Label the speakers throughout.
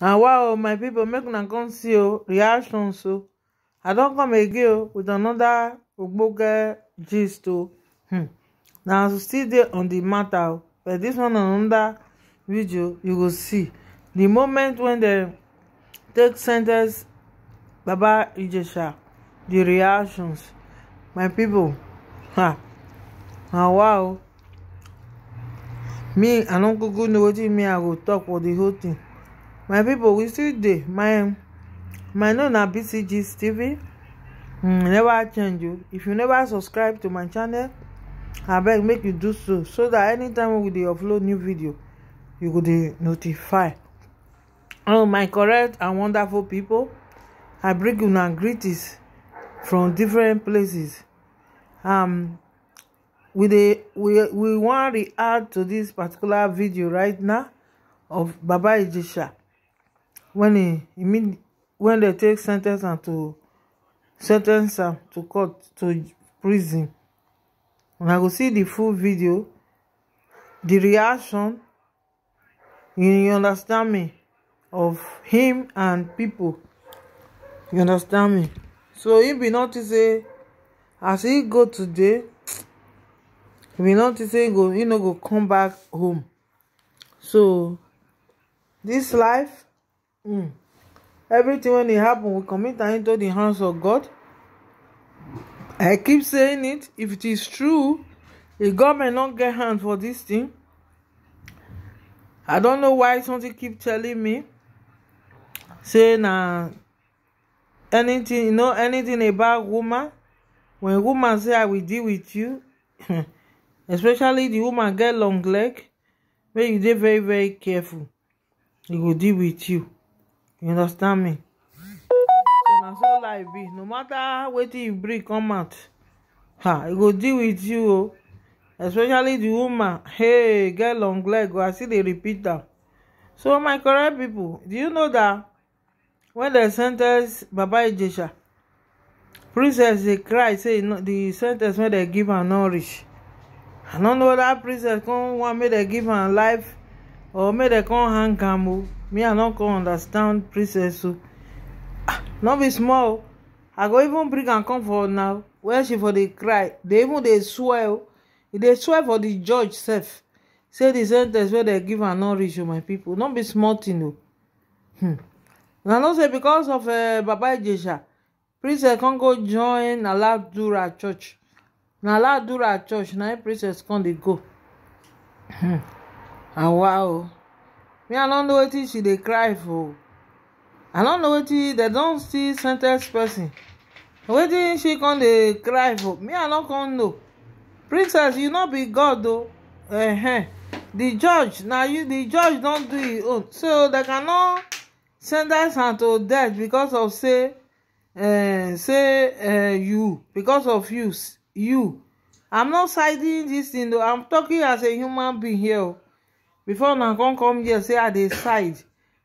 Speaker 1: na wow my pipo make una come see o oh, reaction so oh. i don come again oh, with anoda ogbonge gist o hmm na still dey on di matter but dis one na anoda video you go see di moment wen dem take sen ten ce baba ijesha di reactions my pipo ha na wow me i no gugu know wetin me i go tok for di whole tin my people, we still dey my my name na bcg tv mm, never change you. if you never subscribe to my channel abeg make you do so so that anytime we dey upload new video you go dey notify oh my correct and wonderful people, i bring una greetings from different places um we dey we we wan react to this particular video right now of baba ijesha wen e wen dem take sen ten ce am to sentence ten to court to prison I go see the full video the reaction you understand me of him and people, you understand me so e bin notice say as he go today be bin notice say e no go come back home so this life Mm. Everything when it happen, we commit her into the hands of God. I keep saying it. If it is true, the government not get hand for this thing. I don't know why something keep telling me, saying na anything, you know, anything about woman. When woman say I will deal with you, especially the woman get long leg, make you dey very very careful. E go deal with you you understand me so now so life be no matter wetin you bring come out ha It e go deal with you o especially the woman hey get long leg o i still dey repeat am so my correct people, do you know that when dem sentence, baba ijesha princess they cry say di sen ten ce wey give her nourish. i don't know that princess come wan make they give her life or make they come hang am me i no come understand princess o oh. ah, not be small o oh. i go even bring am come for now Where she for the cry They even they swear o oh. e swear for the judge self. say the sen where they give am no reach o my people. Not be small tin o hmm na no say because of eh, baba ijesha princess come go join aladura church na aladura church now im princess come dey go hmm awa wow me i no know wetin she dey cry for i no know wetin dem don still sen ten ce person wetin she come dey cry for me i no come know princess you no be god o uh -huh. the judge na you the judge don do im own so dem cannot sen ten ce am to death because of say uh, say uh, you because of you you i'm not siding this thing though i'm talking as a human being here o. Oh before una come come here say i dey side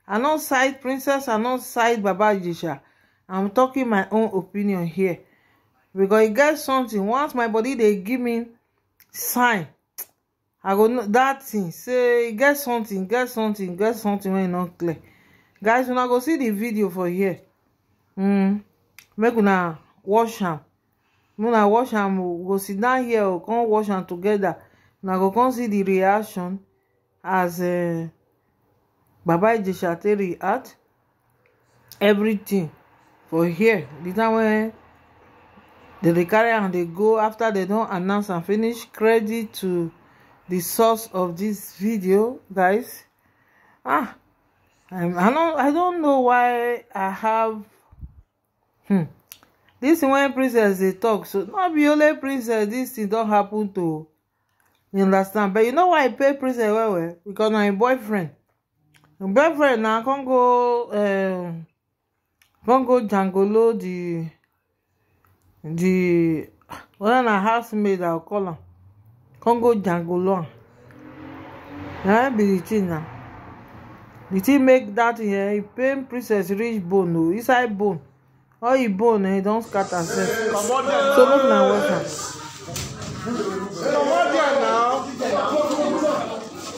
Speaker 1: i no side princess i no side baba Jisha. i'm talking my own opinion here because e get something once my body dey give me sign i go know dat thing say e get something e get something e get something wey e no clear guys una go see the video for here mm. make una watch am make una watch am we oh. go sit down here We oh. o come watch am togeda una go come see the reaction as uh, Baba Ijesha take react everything for here the time when they dey carry am dey go after they don announce am finish credit to the source of this video guys ah I'm i don't i don't know why i have hmm this thing when princess dey talk so no be only princess this thing don happen to you understand but you know why i pay prison well well because na him boyfriend him boyfriend now come go um, come go jangolo the the whether na housemaid i call am come go jangolo am na him be the thing na the thing make that here? he pain princess reach bone o oh, inside bone all him bone eh, he don't scatter sef so make una watch am.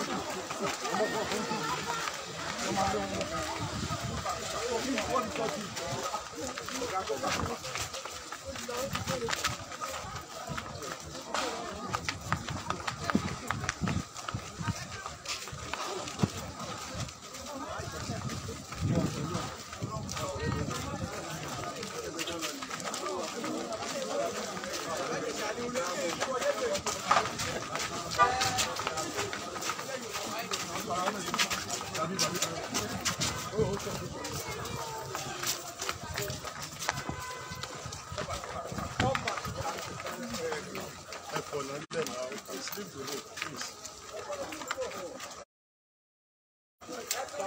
Speaker 1: Thank you.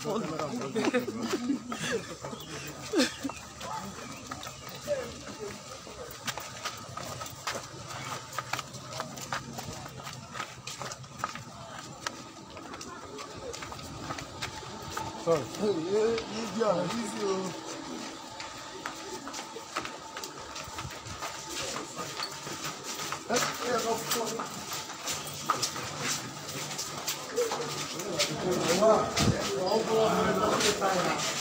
Speaker 1: Sorry. Hey, yeah, yeah, easy. Uh... Vamos lá. 我不我道你们都去干了。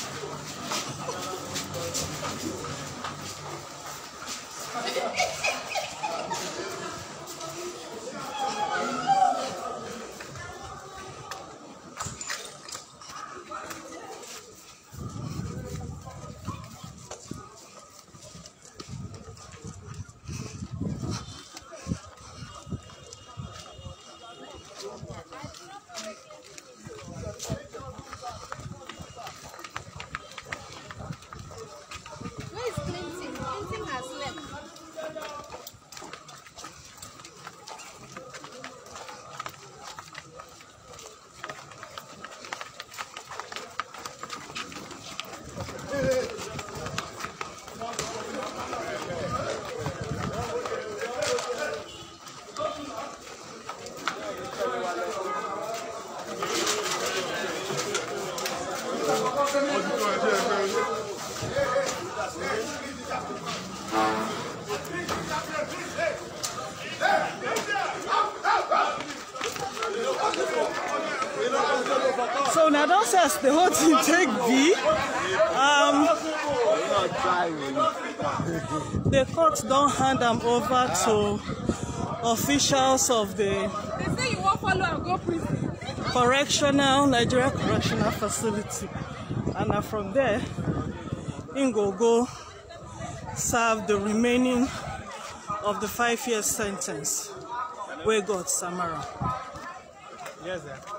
Speaker 2: una don don't say the whole thing take be um the court don't hand them over to officials of the correctional nigeria correctional facility and na from there im go serve the remaining of the five year sentence. ten ce wey god sama Yes, sir.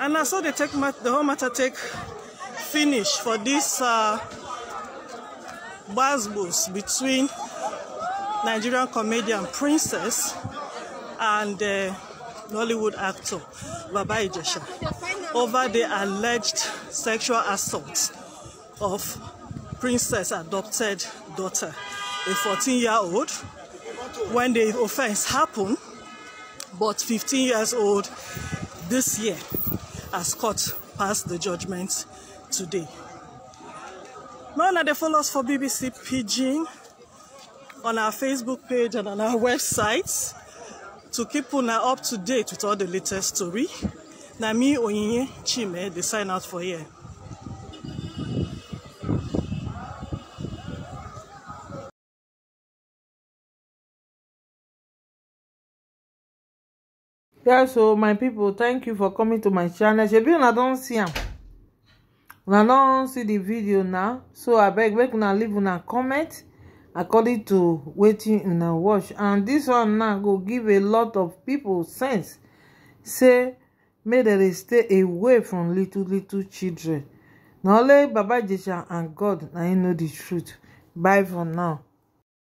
Speaker 2: And I saw the, take the whole matter take finish for this uh, basbos between Nigerian comedian Princess and uh, Nollywood actor Baba Ijesha over the alleged sexual assault of Princess' adopted daughter, a 14-year-old, when the offense happened, but 15 years old this year. as court passed the judgment today. Now that they follow us for BBC Pidgin on our Facebook page and on our website to keep una up to date with all the latest story. Na me Oyinye Chime, they sign out for here.
Speaker 1: Yeah, so my people, thank you for coming to my channel shebi una don see am una don see the video now so I beg, make una leave una comment according to waiting in a watch and this one now go give a lot of people sense say may they stay away from little little children na only baba jesha and god now im know the truth bye for now